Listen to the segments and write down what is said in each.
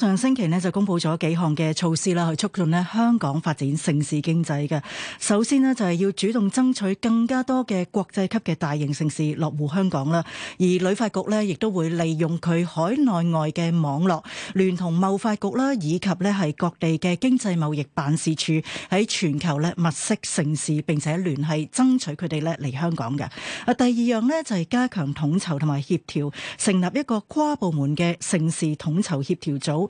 上星期呢就公布咗幾項嘅措施啦，去促進呢香港發展盛事經濟嘅。首先呢就係要主動爭取更加多嘅國際級嘅大型盛事落戶香港啦。而旅發局呢亦都會利用佢海內外嘅網絡，聯同貿發局啦，以及呢係各地嘅經濟貿易辦事處喺全球呢物色盛事，並且聯繫爭取佢哋呢嚟香港嘅。啊，第二樣呢就係加強統籌同埋協調，成立一個跨部門嘅盛事統籌協調組。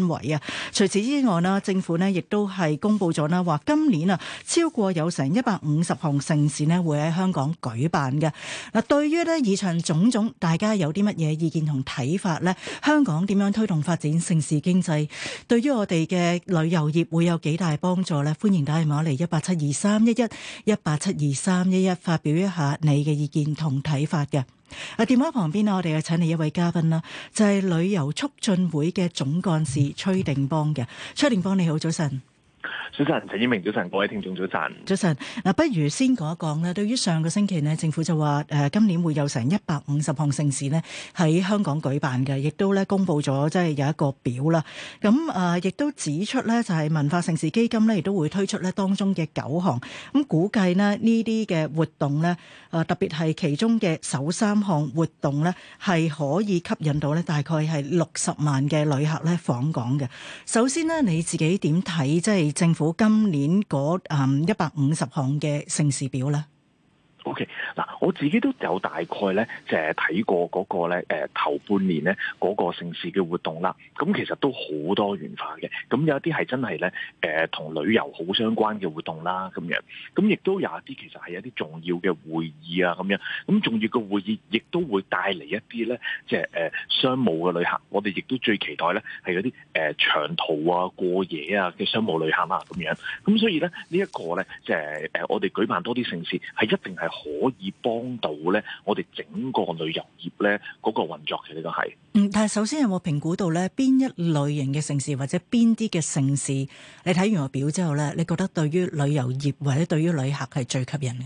氛，除此之外政府呢，亦都係公佈咗啦，話今年啊，超過有成一百五十項城市咧會喺香港舉辦嘅。嗱，對於呢以上種種，大家有啲乜嘢意見同睇法呢？香港點樣推動發展城市經濟？對於我哋嘅旅遊業會有幾大幫助呢？歡迎大家打電話嚟一八七二三一一一八七二三一一發表一下你嘅意見同睇法嘅。啊！電話旁邊咧，我哋又請嚟一位嘉賓啦，就係旅遊促進會嘅總幹事崔定邦嘅。崔定邦，你好，早晨。早晨，陳英明，早晨，各位聽眾，早晨。早晨嗱，不如先講一講咧。對於上個星期咧，政府就話誒、呃，今年會有成一百五十項盛事咧喺香港舉辦嘅，亦都咧公布咗即係有一個表啦。咁啊，亦、呃、都指出咧，就係、是、文化盛事基金咧，亦都會推出咧當中嘅九項。咁估計咧呢啲嘅活動咧，誒、呃，特別係其中嘅首三項活動咧，係可以吸引到咧大概係六十萬嘅旅客咧訪港嘅。首先呢，你自己點睇？即係。政府今年嗰啊一百五十項嘅盛事表啦。O.K. 嗱，我自己都有大概咧，就係睇過嗰、那個咧誒、呃、頭半年咧嗰、那個城市嘅活動啦。咁其實都好多元化嘅，咁、嗯、有一啲係真係咧同旅遊好相關嘅活動啦，咁樣。咁、嗯、亦都有一啲其實係一啲重要嘅會議啊，咁樣。咁、嗯、重要嘅會議亦都會帶嚟一啲咧，即係誒商務嘅旅客。我哋亦都最期待咧係嗰啲誒長途啊、過夜啊嘅商務旅客啊，咁樣。咁、嗯、所以咧呢一、這個咧，即、就、係、是呃、我哋舉辦多啲城市係一定係。可以幫到咧，我哋整個旅遊業咧嗰個運作嘅呢個係。其實嗯，但係首先有冇評估到咧邊一類型嘅城市或者邊啲嘅城市？你睇完個表之後咧，你覺得對於旅遊業或者對於旅客係最吸引嘅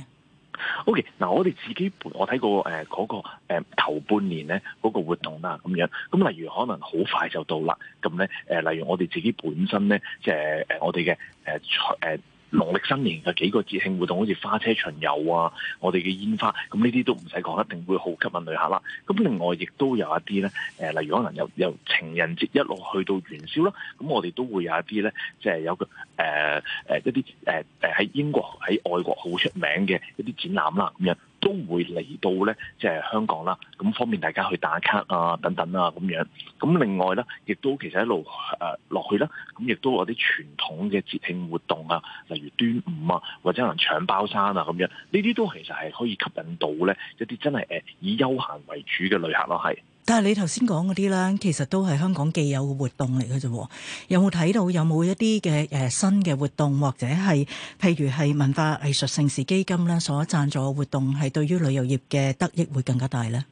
？OK，嗱，我哋自己我睇過誒嗰、呃那個誒、呃、頭半年咧嗰、那個活動啦，咁樣。咁例如可能好快就到啦，咁咧誒例如我哋自己本身咧即係誒我哋嘅誒誒。呃呃農曆新年嘅幾個節慶活動，好似花車巡遊啊，我哋嘅煙花，咁呢啲都唔使講，一定會好吸引旅客啦。咁另外亦都有一啲咧，誒例如可能由由情人節一路去到元宵啦，咁我哋都會有一啲咧，即係有個誒誒一啲誒誒喺英國喺外國好出名嘅一啲展覽啦咁樣。都會嚟到咧，即係香港啦，咁方便大家去打卡啊，等等啊。咁樣。咁另外咧，亦都其實一路誒落去啦，咁亦都有啲傳統嘅節慶活動啊，例如端午啊，或者可能搶包山啊，咁樣呢啲都其實係可以吸引到咧一啲真係誒以休閒為主嘅旅客咯，係。但係你頭先講嗰啲咧，其實都係香港既有嘅活動嚟嘅啫。有冇睇到有冇一啲嘅誒新嘅活動，或者係譬如係文化藝術盛事基金咧所贊助嘅活動，係對於旅遊業嘅得益會更加大咧？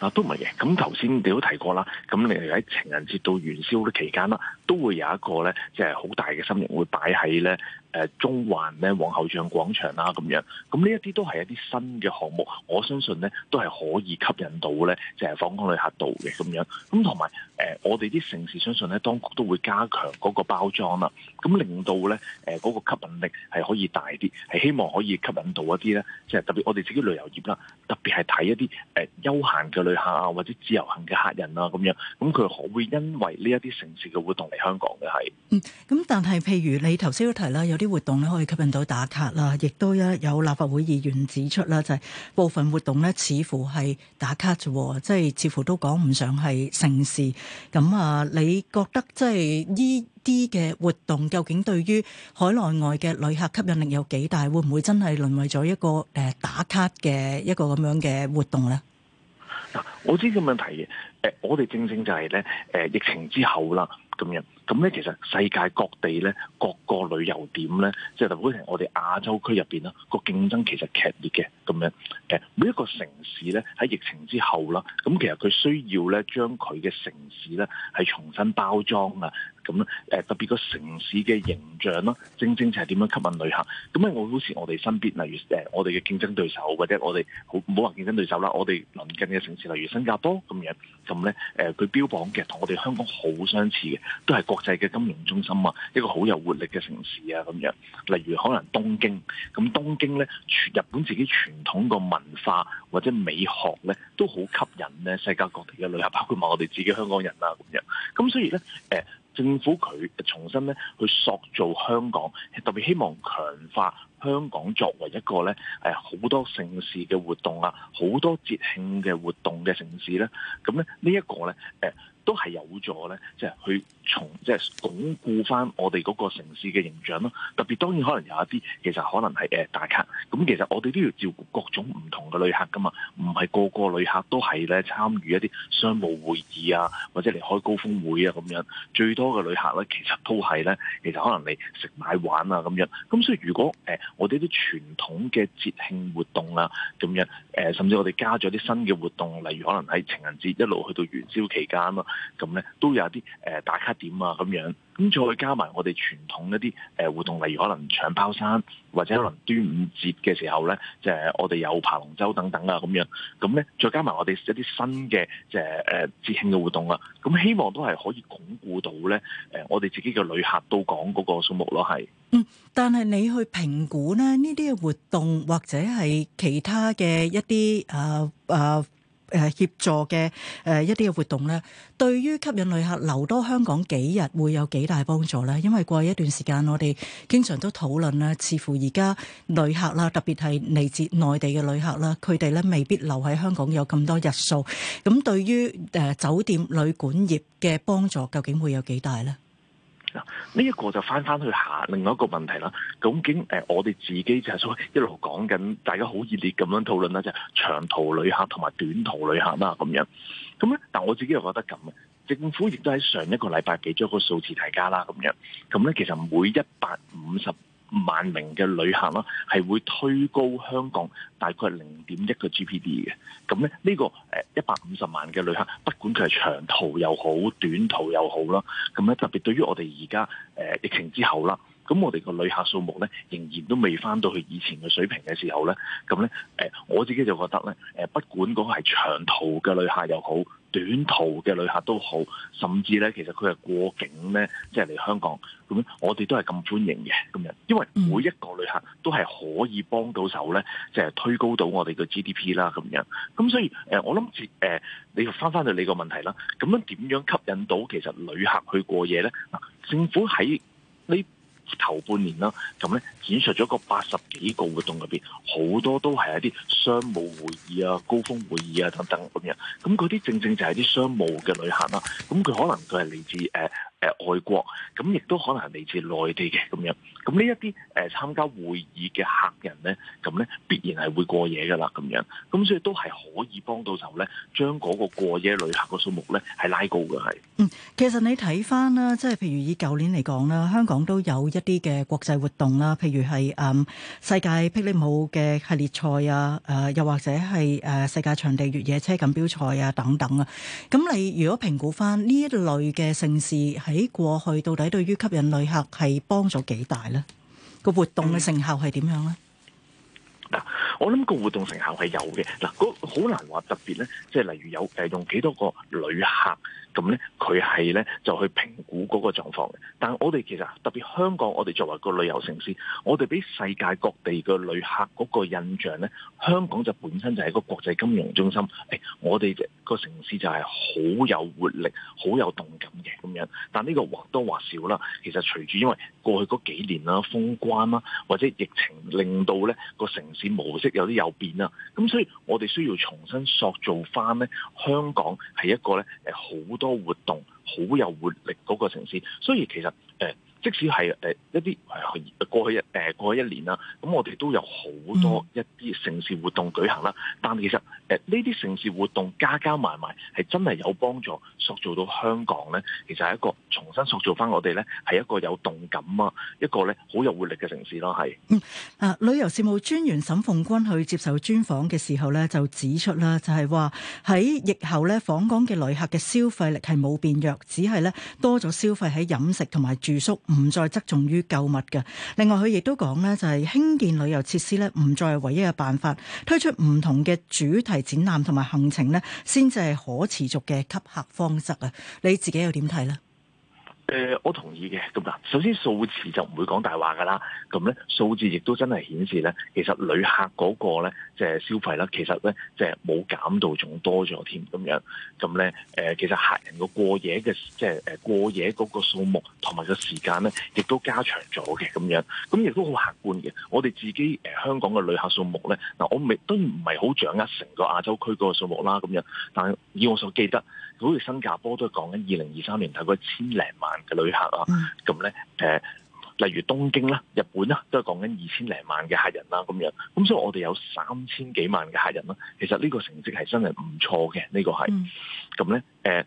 嗱、啊，都唔係嘅。咁頭先你都提過啦，咁你喺情人節到元宵嘅期間啦，都會有一個咧，即係好大嘅心力會擺喺咧。誒中環咧，皇后像廣場啦，咁樣，咁呢一啲都係一啲新嘅項目，我相信咧都係可以吸引到咧，即係訪港旅客到嘅咁樣。咁同埋誒，我哋啲城市相信咧，當局都會加強嗰個包裝啦，咁令到咧誒嗰個吸引力係可以大啲，係希望可以吸引到一啲咧，即係特別我哋自己旅遊業啦，特別係睇一啲誒休閒嘅旅客啊，或者自由行嘅客人啊，咁樣，咁佢可會因為呢一啲城市嘅活動嚟香港嘅係？嗯，咁但係譬如你頭先都提啦，有啲。啲活動咧可以吸引到打卡啦，亦都有立法會議員指出啦，就係部分活動咧似乎係打卡啫，即係似乎都講唔上係盛事。咁啊，你覺得即係呢啲嘅活動究竟對於海內外嘅旅客吸引力有幾大？會唔會真係淪為咗一個誒打卡嘅一個咁樣嘅活動咧？嗱，我知個問題嘅，誒，我哋正正就係咧，誒，疫情之後啦，咁樣。咁咧，其實世界各地咧，各個旅遊點咧，即係特別係我哋亞洲區入邊啦，個競爭其實劇烈嘅。咁樣誒，每一個城市咧喺疫情之後啦，咁其實佢需要咧將佢嘅城市咧係重新包裝啊。咁咧，特別個城市嘅形象啦，正正就係點樣吸引旅客。咁咧，我好似我哋身邊，例如誒我哋嘅競爭對手，或者我哋唔好話競爭對手啦，我哋鄰近嘅城市，例如新加坡咁樣，咁咧誒佢標榜嘅同我哋香港好相似嘅，都係國際嘅金融中心啊，一個好有活力嘅城市啊，咁樣。例如可能東京，咁東京咧，全日本自己傳統嘅文化或者美學呢，都好吸引呢世界各地嘅旅客，包括埋我哋自己香港人啦、啊，咁樣。咁所以呢，誒、呃、政府佢重新呢去塑造香港，特別希望強化香港作為一個呢誒好、呃、多盛事嘅活動啊，好多節慶嘅活動嘅城市呢。咁咧呢一個呢，誒、呃、都係有助呢，即、就、係、是、去。從即係、就是、鞏固翻我哋嗰個城市嘅形象咯，特別當然可能有一啲其實可能係誒打卡，咁其實我哋都要照顧各種唔同嘅旅客噶嘛，唔係個個旅客都係咧參與一啲商務會議啊，或者嚟開高峰會啊咁樣，最多嘅旅客咧其實都係咧，其實可能嚟食、買、玩啊咁樣，咁所以如果誒我哋啲傳統嘅節慶活動啊咁樣，誒甚至我哋加咗啲新嘅活動，例如可能喺情人節一路去到元宵期間啊，咁咧都有啲誒打卡。點啊咁樣，咁再加埋我哋傳統一啲誒活動，例如可能搶包山，或者可能端午節嘅時候咧，就係我哋有爬龍舟等等啊咁樣，咁咧再加埋我哋一啲新嘅即係誒節慶嘅活動啊，咁希望都係可以鞏固到咧誒我哋自己嘅旅客到港嗰個數目咯，係。嗯，但係你去評估咧呢啲嘅活動或者係其他嘅一啲啊、呃、啊。誒協助嘅誒一啲嘅活動咧，對於吸引旅客留多香港幾日，會有幾大幫助咧？因為過去一段時間，我哋經常都討論啦，似乎而家旅客啦，特別係嚟自內地嘅旅客啦，佢哋咧未必留喺香港有咁多日數。咁對於誒酒店旅館業嘅幫助，究竟會有幾大咧？呢一個就翻翻去下另外一個問題啦。究竟誒，我哋自己就係所謂一路講緊，大家好熱烈咁樣討論啦，就係、是、長途旅客同埋短途旅客啦咁樣。咁咧，但我自己又覺得咁嘅。政府亦都喺上一個禮拜俾咗個數字大家啦，咁樣。咁咧，其實每一百五十萬名嘅旅客啦，係會推高香港大概零點一個 GPD 嘅。咁咧呢個誒一百五十萬嘅旅客，不管佢係長途又好，短途又好啦。咁咧特別對於我哋而家誒疫情之後啦，咁我哋個旅客數目咧仍然都未翻到去以前嘅水平嘅時候咧，咁咧誒我自己就覺得咧，誒不管嗰個係長途嘅旅客又好。短途嘅旅客都好，甚至咧，其實佢係過境咧，即係嚟香港咁樣我哋都係咁歡迎嘅咁樣，因為每一個旅客都係可以幫到手咧，即係推高到我哋嘅 GDP 啦咁樣，咁所以誒，我諗住誒，你翻翻去你個問題啦，咁樣點樣吸引到其實旅客去過夜咧？嗱，政府喺呢。頭半年啦，咁咧展述咗個八十幾個活動入邊，好多都係一啲商務會議啊、高峰會議啊等等咁樣。咁嗰啲正正就係啲商務嘅旅客啦。咁佢可能佢係嚟自誒誒、呃呃、外國，咁亦都可能係嚟自內地嘅咁樣。咁呢一啲誒參加會議嘅客人咧咁咧，必然係會過夜噶啦，咁樣咁所以都係可以幫到手咧，將嗰個過夜旅客個數目咧係拉高嘅。係嗯，其實你睇翻啦，即係譬如以舊年嚟講啦，香港都有一啲嘅國際活動啦，譬如係誒、嗯、世界霹靂舞嘅系列賽啊，誒、呃、又或者係誒、呃、世界場地越野車錦標賽啊等等啊。咁你如果評估翻呢一類嘅盛事喺過去到底對於吸引旅客係幫咗幾大咧？個活動嘅成效係點樣咧？我諗個活動成效係有嘅，嗱，嗰好難話特別咧，即係例如有誒用幾多個旅客。咁咧，佢係咧就去評估嗰個狀況嘅。但我哋其實特別香港，我哋作為個旅遊城市，我哋俾世界各地嘅旅客嗰個印象咧，香港就本身就係一個國際金融中心。誒、哎，我哋個城市就係好有活力、好有動感嘅咁樣。但呢個或多或少啦，其實隨住因為過去嗰幾年啦、啊、封關啦、啊，或者疫情令到咧個城市模式有啲有變啦、啊，咁所以我哋需要重新塑造翻咧香港係一個咧誒好多。多活動，好有活力嗰個城市，所以其實誒。欸即使係誒一啲誒過去一誒過去一年啦，咁我哋都有好多一啲城市活動舉行啦。但其實誒呢啲城市活動加加埋埋係真係有幫助塑造到香港咧，其實係一個重新塑造返我哋咧係一個有動感啊，一個咧好有活力嘅城市咯，係。嗯啊，旅遊事務專員沈鳳君去接受專訪嘅時候咧，就指出啦，就係話喺疫後咧，訪港嘅旅客嘅消費力係冇變弱，只係咧多咗消費喺飲食同埋住宿。唔再側重於購物嘅，另外佢亦都講咧就係興建旅遊設施咧唔再係唯一嘅辦法，推出唔同嘅主題展覽同埋行程咧，先至係可持續嘅吸客方式啊！你自己又點睇咧？誒、呃，我同意嘅，咁嗱。首先數字就唔會講大話噶啦，咁咧數字亦都真係顯示咧，其實旅客嗰個咧，即係消費啦，其實咧即係冇減到，仲多咗添，咁樣，咁咧誒，其實客人個過夜嘅即係誒過夜嗰個數目同埋個時間咧，亦都加長咗嘅，咁樣，咁亦都好客觀嘅。我哋自己誒香港嘅旅客數目咧，嗱，我未都唔係好掌握成個亞洲區嗰個數目啦，咁樣，但係以我所記得。好似新加坡都係講緊二零二三年大概一千零萬嘅旅客啊，咁咧、嗯，誒、呃，例如東京啦、日本啦，都係講緊二千零萬嘅客人啦，咁樣，咁所以我哋有三千幾萬嘅客人啦，其實呢個成績係真係唔錯嘅，呢、這個係，咁咧、嗯，誒、呃，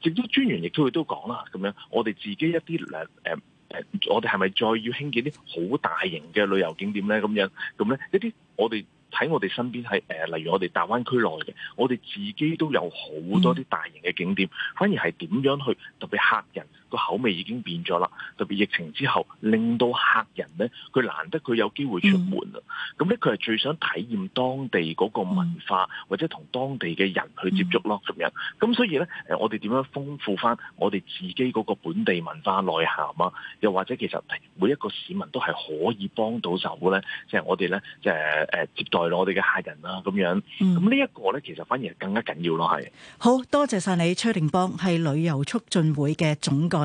直都專員亦都會都講啦，咁樣，我哋自己一啲誒，誒、呃，我哋係咪再要興建啲好大型嘅旅遊景點咧？咁樣，咁咧一啲我哋。喺我哋身邊，係誒，例如我哋大灣區內嘅，我哋自己都有好多啲大型嘅景點，反而係點樣去特別嚇人？個口味已經變咗啦，特別疫情之後，令到客人咧，佢難得佢有機會出門啊，咁咧佢係最想體驗當地嗰個文化，嗯、或者同當地嘅人去接觸咯，咁樣、嗯。咁所以咧，誒，我哋點樣豐富翻我哋自己嗰個本地文化內涵啊？又或者其實每一個市民都係可以幫到手嘅咧，即係我哋咧，即係誒接待我哋嘅客人啦，咁樣。咁、嗯、呢一個咧，其實反而係更加緊要咯，係。好多謝晒你，崔定邦係旅遊促進會嘅總幹。嘅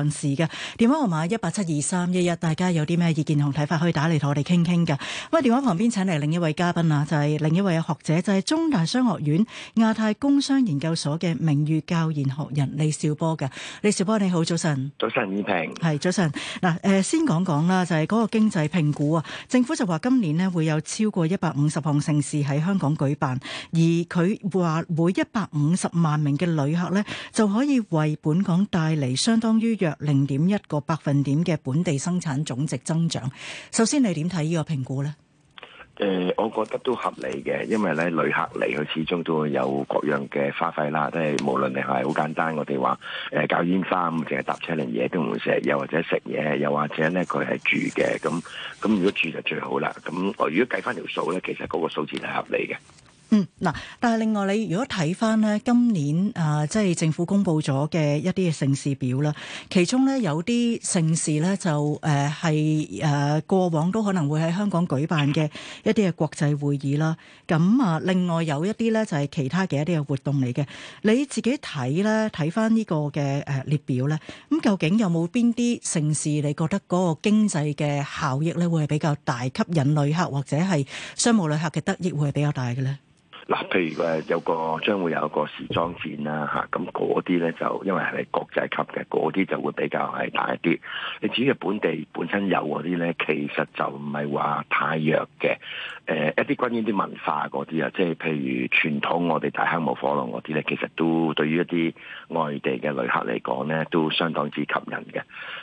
電話號碼一八七二三一一，大家有啲咩意見同睇法可以打嚟，同我哋傾傾嘅。咁啊，電話旁邊請嚟另一位嘉賓啊，就係、是、另一位學者，就係、是、中大商學院亞太工商研究所嘅名譽教研學、學人李兆波嘅。李兆波，李兆波你好，早晨。早晨，以平。係早晨。嗱，誒，先講講啦，就係、是、嗰個經濟評估啊，政府就話今年呢會有超過一百五十項盛事喺香港舉辦，而佢話每一百五十萬名嘅旅客呢，就可以為本港帶嚟相當於。約零點一個百分點嘅本地生產總值增長。首先，你點睇呢個評估呢？誒、呃，我覺得都合理嘅，因為咧旅客嚟佢始終都會有各樣嘅花費啦。即係無論你係好簡單，我哋話誒搞煙花咁，淨係搭車嚟嘢，都唔會食，又或者食嘢，又或者咧佢係住嘅。咁咁如果住就最好啦。咁我如果計翻條數咧，其實嗰個數字係合理嘅。嗯，嗱，但係另外你如果睇翻咧今年啊，即係政府公布咗嘅一啲嘅盛事表啦，其中咧有啲盛事咧就誒係誒過往都可能會喺香港舉辦嘅一啲嘅國際會議啦，咁啊另外有一啲咧就係其他嘅一啲嘅活動嚟嘅，你自己睇咧睇翻呢個嘅誒列表咧，咁究竟有冇邊啲盛事你覺得嗰個經濟嘅效益咧會係比較大，吸引旅客或者係商務旅客嘅得益會係比較大嘅咧？嗱，譬如有個將會有一個時裝展啦嚇，咁嗰啲咧就因為係國際級嘅，嗰啲就會比較係大啲。你至於本地本身有嗰啲咧，其實就唔係話太弱嘅。誒、呃、一啲關於啲文化嗰啲啊，即係譬如傳統我哋大坑舞火龍嗰啲咧，其實都對於一啲外地嘅旅客嚟講咧，都相當之吸引嘅。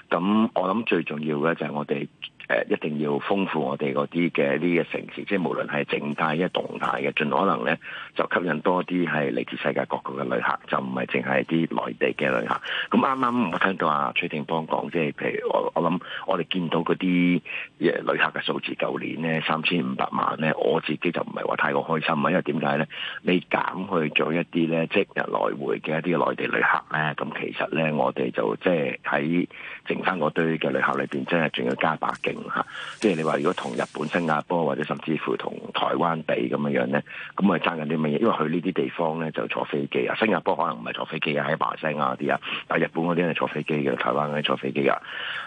咁我諗最重要嘅就係我哋。誒，一定要豐富我哋嗰啲嘅呢個城市，即係無論係靜態一動態嘅，盡可能咧就吸引多啲係嚟自世界各地嘅旅客，就唔係淨係啲內地嘅旅客。咁啱啱我聽到阿、啊、崔定邦講，即係譬如我我諗，我哋見到嗰啲嘢旅客嘅數字，舊年咧三千五百萬咧，我自己就唔係話太過開心啊，因為點解咧？你減去咗一啲咧即日來回嘅一啲內地旅客咧，咁其實咧我哋就即係喺。剩翻嗰堆嘅旅客裏邊，真係仲要加把勁吓！即係你話，如果同日本、新加坡或者甚至乎同台灣比咁樣樣咧，咁啊爭緊啲乜嘢？因為去呢啲地方咧就坐飛機啊，新加坡可能唔係坐飛機啊，喺馬來西亞嗰啲啊，但日本嗰啲係坐飛機嘅，台灣嗰啲坐飛機啊。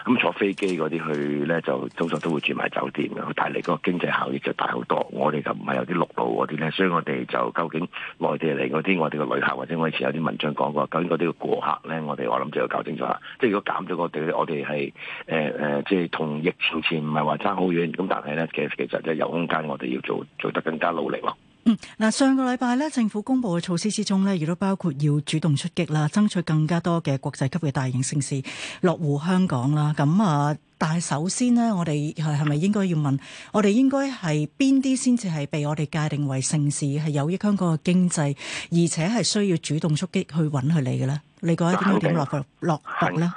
咁坐飛機嗰啲去咧，就通常都會住埋酒店嘅，但係帶嚟個經濟效益就大好多。我哋就唔係有啲陸路嗰啲咧，所以我哋就究竟內地嚟嗰啲，我哋嘅旅客或者我以前有啲文章講過，究竟嗰啲過客咧，我哋我諗就要搞清楚啦。即係如果減咗我哋我哋係誒誒，即係同疫情前唔係話差好遠咁，但係咧，其實其實咧有空間，我哋要做做得更加努力咯。嗯，嗱，上個禮拜咧，政府公布嘅措施之中咧，亦都包括要主動出擊啦，爭取更加多嘅國際級嘅大型城市落戶香港啦。咁啊，但係首先呢，我哋係係咪應該要問，我哋應該係邊啲先至係被我哋界定為城市，係有益香港嘅經濟，而且係需要主動出擊去搵佢哋嘅咧？你覺得應該點落戶落戶咧？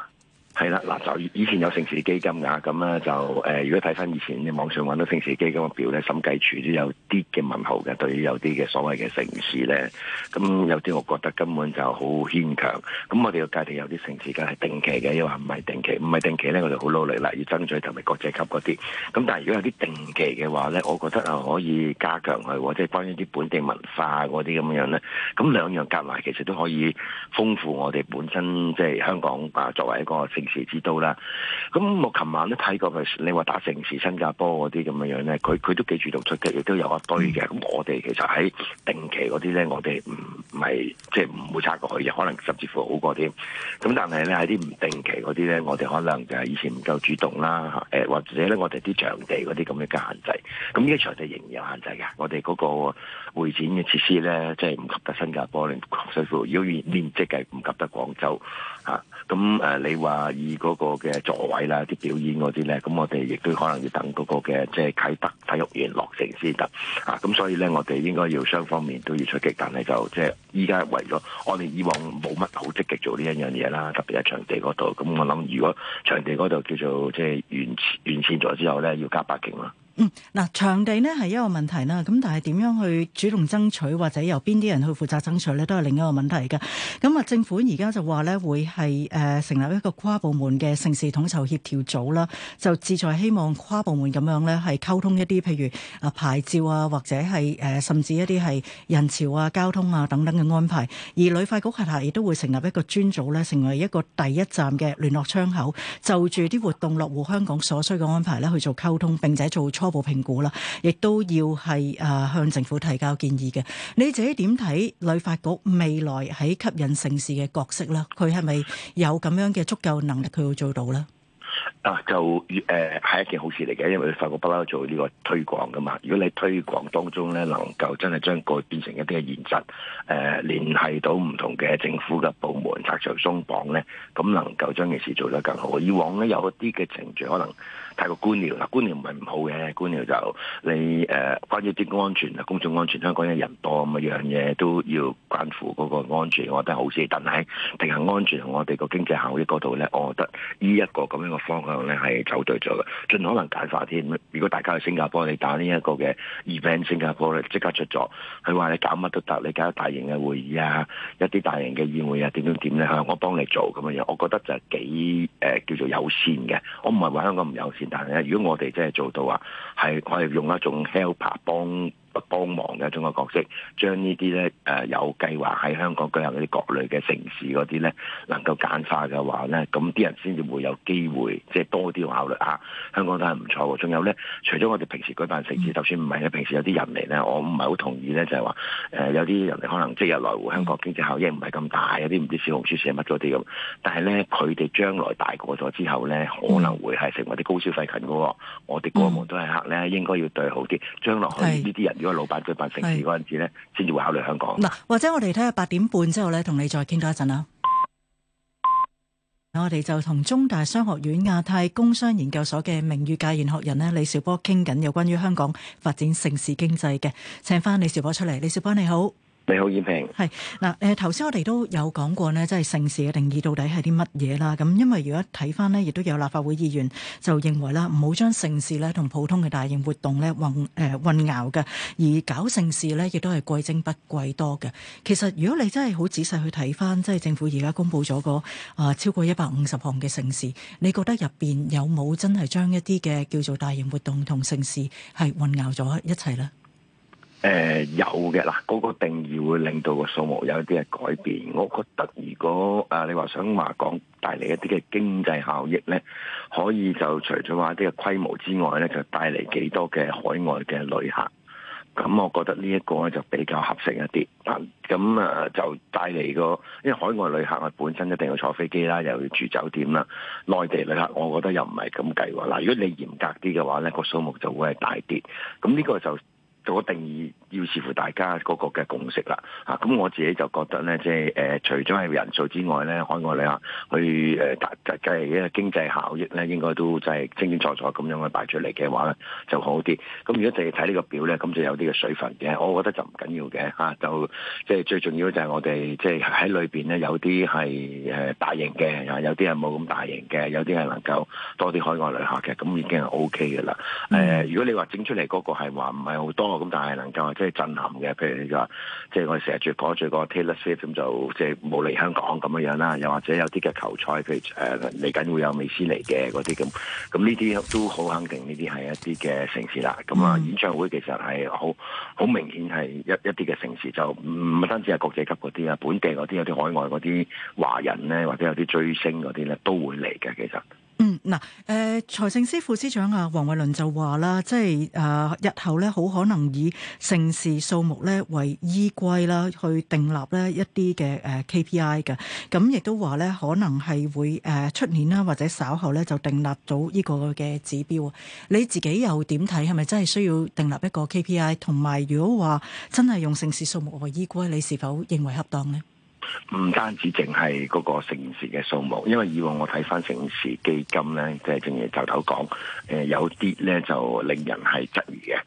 係啦，嗱就以前有城市基金噶，咁咧就誒、呃，如果睇翻以前你網上揾到城市基金嘅表咧，審計處都有啲嘅問號嘅，對於有啲嘅所謂嘅城市咧，咁有啲我覺得根本就好牽強。咁我哋嘅界定有啲城市梗係定期嘅，因為唔係定期，唔係定期咧，我哋好努力啦，要爭取同埋國際級嗰啲。咁但係如果有啲定期嘅話咧，我覺得啊可以加強佢，即係關於啲本地文化嗰啲咁樣咧。咁兩樣夾埋其實都可以豐富我哋本身即係、就是、香港啊作為一個時之道啦，咁我琴晚都睇過，佢，你話打城市新加坡嗰啲咁嘅樣咧，佢佢都幾主動出擊，亦都有一堆嘅。咁我哋其實喺定期嗰啲咧，我哋唔係即係唔會差過佢，可能甚至乎好過添。咁但係咧喺啲唔定期嗰啲咧，我哋可能就係以前唔夠主動啦，誒、呃、或者咧我哋啲場地嗰啲咁嘅限制，咁呢個場地仍然有限制嘅。我哋嗰個會展嘅設施咧，即係唔及得新加坡，甚至乎如果面積嘅唔及得廣州嚇。啊咁誒，你話以嗰個嘅座位啦，啲表演嗰啲咧，咁我哋亦都可能要等嗰個嘅即係啟德體育園落成先得啊！咁所以咧，我哋應該要雙方面都要出擊，但係就即係依家為咗我哋以往冇乜好積極做呢一樣嘢啦，特別係場地嗰度。咁我諗如果場地嗰度叫做即係完完善咗之後咧，要加百勁啦。嗯，嗱，場地呢係一個問題啦，咁但係點樣去主動爭取或者由邊啲人去負責爭取呢都係另一個問題嘅。咁、嗯、啊，政府而家就話呢會係誒、呃、成立一個跨部門嘅盛事統籌協調組啦，就旨在希望跨部門咁樣呢係溝通一啲，譬如啊牌照啊或者係、啊、甚至一啲係人潮啊交通啊等等嘅安排。而旅費局係亦都會成立一個專組呢成為一個第一站嘅聯絡窗口，就住啲活動落戶香港所需嘅安排呢去做溝通，並且做。初步評估啦，亦都要係誒向政府提交建議嘅。你自己點睇旅發局未來喺吸引城市嘅角色啦？佢係咪有咁樣嘅足夠能力佢去做到咧？啊，就誒係、呃、一件好事嚟嘅，因為旅發局不嬲做呢個推廣㗎嘛。如果你推廣當中呢，能夠真係將個變成一啲嘅現實，誒聯繫到唔同嘅政府嘅部門，拆牆鬆綁呢，咁能夠將件事做得更好。以往呢有一啲嘅程序可能。太過官僚啦，官僚唔係唔好嘅，官僚就你誒、呃、關於啲安全啊、公眾安全，香港嘅人多咁啊樣嘢都要關乎嗰個安全，我覺得好啲。但係平衡安全同我哋個經濟效益嗰度咧，我覺得呢、依、一個咁樣嘅方向咧係走對咗嘅。盡可能簡化添。如果大家去新加坡，你打呢一個嘅 Event Singapore 咧，即刻出咗，佢話你搞乜都得，你搞大型嘅會議啊、一啲大型嘅宴會啊，點點點咧，我幫你做咁樣，我覺得就係幾誒、呃、叫做友善嘅。我唔係話香港唔友善。但係如果我哋真係做到啊，係我哋用一種 helper 幫不幫忙嘅中國角色，將呢啲咧誒有計劃喺香港舉行嗰啲各類嘅盛事嗰啲咧，能夠簡化嘅話咧，咁啲人先至會有機會，即係多啲考慮啊！香港都係唔錯喎。仲有咧，除咗我哋平時舉辦盛事，就算唔係平時有啲人嚟咧，我唔係好同意咧，就係話誒有啲人哋可能即日來回香港，經濟效益唔係咁大，有啲唔知小紅書寫乜嗰啲咁，但係咧佢哋將來大過咗之後咧，可能會係成為啲高消費群嘅喎，我哋過門都係客咧，應該要對好啲，將來去呢啲人。如果老闆舉辦盛事嗰陣時咧，先至會考慮香港。嗱，或者我哋睇下八點半之後咧，同你再傾多一陣啦。 我哋就同中大商學院亞太工商研究所嘅名譽教研學人咧，李兆波傾緊有關於香港發展盛事經濟嘅，請翻李兆波出嚟。李兆波你好。你好，燕平。係嗱，誒，頭先我哋都有講過呢，即係盛事嘅定義到底係啲乜嘢啦。咁因為如果睇翻呢，亦都有立法會議員就認為啦，唔好將盛事呢同普通嘅大型活動呢混，誒，混淆嘅。而搞盛事呢，亦都係貴精不貴多嘅。其實如果你真係好仔細去睇翻，即係政府而家公布咗個啊超過一百五十項嘅盛事，你覺得入邊有冇真係將一啲嘅叫做大型活動同盛事係混淆咗一齊呢？誒、呃，有嘅嗱，嗰、那個定義會令到個數目有一啲嘅改變。我覺得如果誒、啊，你話想話講帶嚟一啲嘅經濟效益咧，可以就除咗話一啲嘅規模之外咧，就帶嚟幾多嘅海外嘅旅客。咁我覺得呢一個咧就比較合適一啲。咁、啊、誒，就帶嚟個因為海外旅客啊，本身一定要坐飛機啦，又要住酒店啦。內地旅客我覺得又唔係咁計喎。嗱、啊，如果你嚴格啲嘅話咧，個數目就會係大啲。咁呢個就。定義要視乎大家嗰個嘅共識啦，咁、啊、我自己就覺得咧，即係誒、呃、除咗係人數之外咧，海外旅客去誒大計，因、呃、為經濟效益咧，應該都真係清清楚楚咁樣去擺出嚟嘅話咧就好啲。咁如果淨係睇呢個表咧，咁就有啲嘅水分嘅，我覺得就唔緊要嘅、啊、就即係最重要就係我哋即係喺裏面咧有啲係誒大型嘅，有啲係冇咁大型嘅，有啲係能夠多啲海外旅客嘅，咁已經係 O K 嘅啦。誒、呃，如果你話整出嚟嗰個係話唔係好多。咁但係能夠即係震撼嘅，譬如你話，即係我哋成日住講住個 Taylor Swift 咁就即係冇嚟香港咁樣樣啦，又或者有啲嘅球賽，譬如誒嚟緊會有美斯嚟嘅嗰啲咁，咁呢啲都好肯定，呢啲係一啲嘅盛事啦。咁啊，mm. 演唱會其實係好好明顯係一一啲嘅盛事，就唔單止係國際級嗰啲啊，本地嗰啲有啲海外嗰啲華人咧，或者有啲追星嗰啲咧，都會嚟嘅其實。嗯，嗱，誒財政司副司長啊，黃偉綸就話啦，即係誒日後咧，好可能以城市數目咧為依歸啦，去訂立咧一啲嘅 KPI 嘅。咁亦都話咧，可能係會誒出年啦，或者稍後咧就訂立到依個嘅指標。你自己又點睇？係咪真係需要訂立一個 KPI？同埋，如果話真係用城市數目為依歸，你是否認為恰當咧？唔單止淨係嗰個城市嘅數目，因為以往我睇翻城市基金咧，即係正如頭頭講，誒有啲咧就令人係質疑嘅。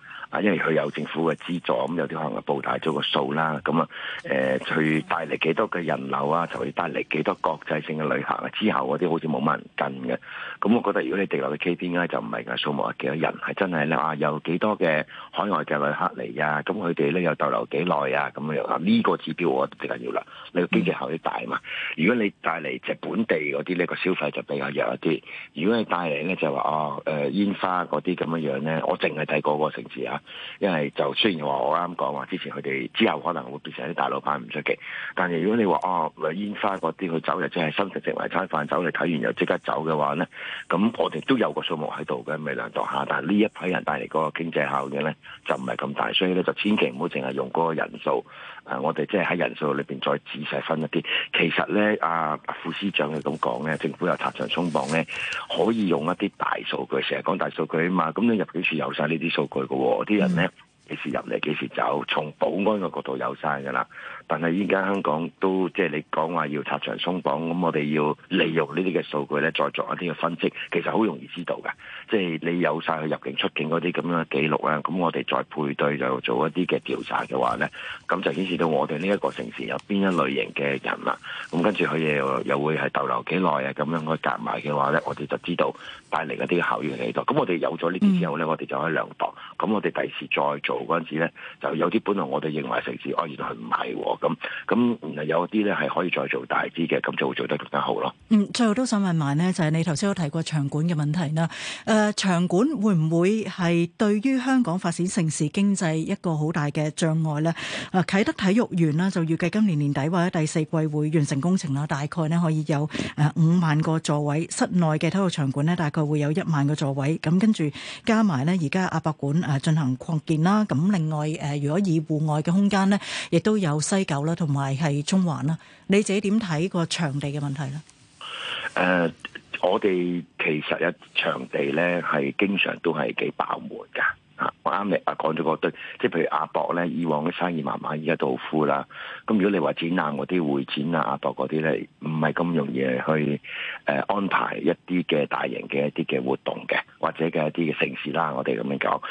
因為佢有政府嘅資助，咁有啲可能係報大咗個數啦。咁啊，誒、呃，佢帶嚟幾多嘅人流啊，就係帶嚟幾多國際性嘅旅客。啊。之後嗰啲好似冇乜人跟嘅。咁我覺得如果你掉落去 KPI 就唔係嘅，數目係幾多人係真係咧啊？有幾多嘅海外嘅旅客嚟啊？咁佢哋咧又逗留幾耐啊？咁啊，呢個指標我覺得最緊要啦，你經濟效益大嘛？如果你帶嚟就本地嗰啲呢個消費就比較弱一啲。如果你帶嚟咧就話啊誒煙花嗰啲咁樣樣咧，我淨係睇嗰個城市啊。因為就雖然話我啱講話之前佢哋之後可能會變成一啲大老闆唔出奇，但係如果你話哦，如煙花嗰啲佢走又即係心食食埋餐飯走，你睇完，完又即刻走嘅話咧，咁我哋都有個數目喺度嘅，咪量度下。但係呢一批人帶嚟嗰個經濟效應咧，就唔係咁大，所以咧就千祈唔好淨係用嗰個人數。啊！我哋即係喺人數裏面再仔細分一啲，其實咧，阿副司長佢咁講咧，政府又踏場衝榜，咧，可以用一啲大數據，成日講大數據啊嘛。咁你入境處有晒呢啲數據㗎喎、哦，啲人咧幾時入嚟幾時走，從保安嘅角度有晒噶啦。但係依家香港都即係、就是、你講話要拆牆鬆綁，咁我哋要利用呢啲嘅數據咧，再作一啲嘅分析，其實好容易知道嘅。即、就、係、是、你有晒佢入境出境嗰啲咁樣嘅記錄咧，咁我哋再配對就做一啲嘅調查嘅話咧，咁就顯示到我哋呢一個城市有邊一類型嘅人啦。咁跟住佢又又會係逗留幾耐啊，咁樣佢夾埋嘅話咧，我哋就知道帶嚟嗰啲效應喺度。咁我哋有咗呢啲之後咧，我哋就可以量度。咁我哋第時再做嗰陣時咧，就有啲本來我哋認為城市安全佢唔係。咁咁，然後有啲咧係可以再做大啲嘅，咁做做得更加好咯。嗯，最後都想問埋呢，就係、是、你頭先都提過場館嘅問題啦。誒、呃，場館會唔會係對於香港發展城市經濟一個好大嘅障礙呢、呃？啟德體育園呢，就預計今年年底或者第四季會完成工程啦，大概呢，可以有五萬個座位，室內嘅體育場館呢，大概會有一萬個座位。咁跟住加埋呢，而家亞博館誒進行擴建啦。咁另外、呃、如果以戶外嘅空間呢，亦都有西。夠啦，同埋係中環啦，你自己點睇個場地嘅問題咧？誒，uh, 我哋其實嘅場地咧，係經常都係幾爆滿噶。我啱嚟啊，講咗個堆，即係譬如阿博咧，以往嘅生意慢慢而家都好富啦。咁如果你話展覽嗰啲會展啊，阿博嗰啲咧，唔係咁容易去安排一啲嘅大型嘅一啲嘅活動嘅，或者嘅一啲嘅城市啦，我哋咁樣講。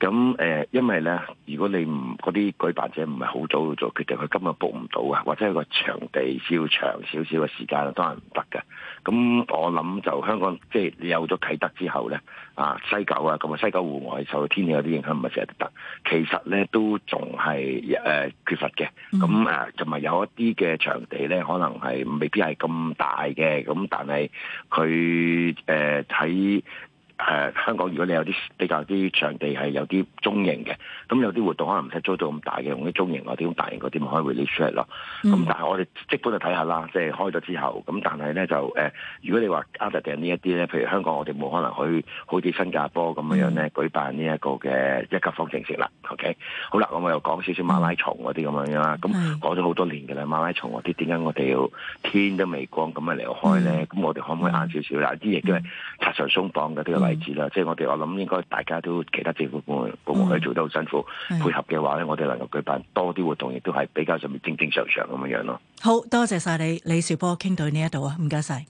咁因為咧，如果你唔嗰啲舉辦者唔係好早就做決定，佢今日 book 唔到啊，或者個場地需要長少少嘅時間，都係唔得嘅。咁我諗就香港即係你有咗啟德之後咧。啊，西九啊，咁啊，西九戶外受到天氣有啲影響，唔係成日得。其實咧，都仲係誒缺乏嘅。咁、嗯、誒，同埋、嗯、有一啲嘅場地咧，可能係未必係咁大嘅。咁但係佢誒喺。呃誒、呃、香港，如果你有啲比較啲場地係有啲中型嘅，咁有啲活動可能唔使租到咁大嘅，用啲中型或者啲大型嗰啲咪可以 release 出嚟咯。咁但係我哋基本就睇下啦，即係開咗之後，咁但係咧就誒，如果你話 u n 定呢一啲咧，譬如香港我哋冇可能去好似新加坡咁樣咧、嗯、舉辦呢一個嘅一級方程式啦。嗯、o、okay? K，好啦，咁我咪又講少少馬拉松嗰啲咁樣啦。咁講咗好多年嘅啦，馬拉松嗰啲點解我哋要天都未光咁啊嚟開咧？咁、嗯嗯、我哋可唔可以晏少少？嗱、嗯，啲亦都係擦上鬆綁嘅啲啦，即係、嗯嗯、我哋我諗應該大家都其他政府部門部門佢做得好辛苦，嗯、配合嘅話咧，我哋能夠舉辦多啲活動，亦都係比較上面正正常常咁嘅樣咯。好多謝晒你，李兆波傾到呢一度啊，唔該晒。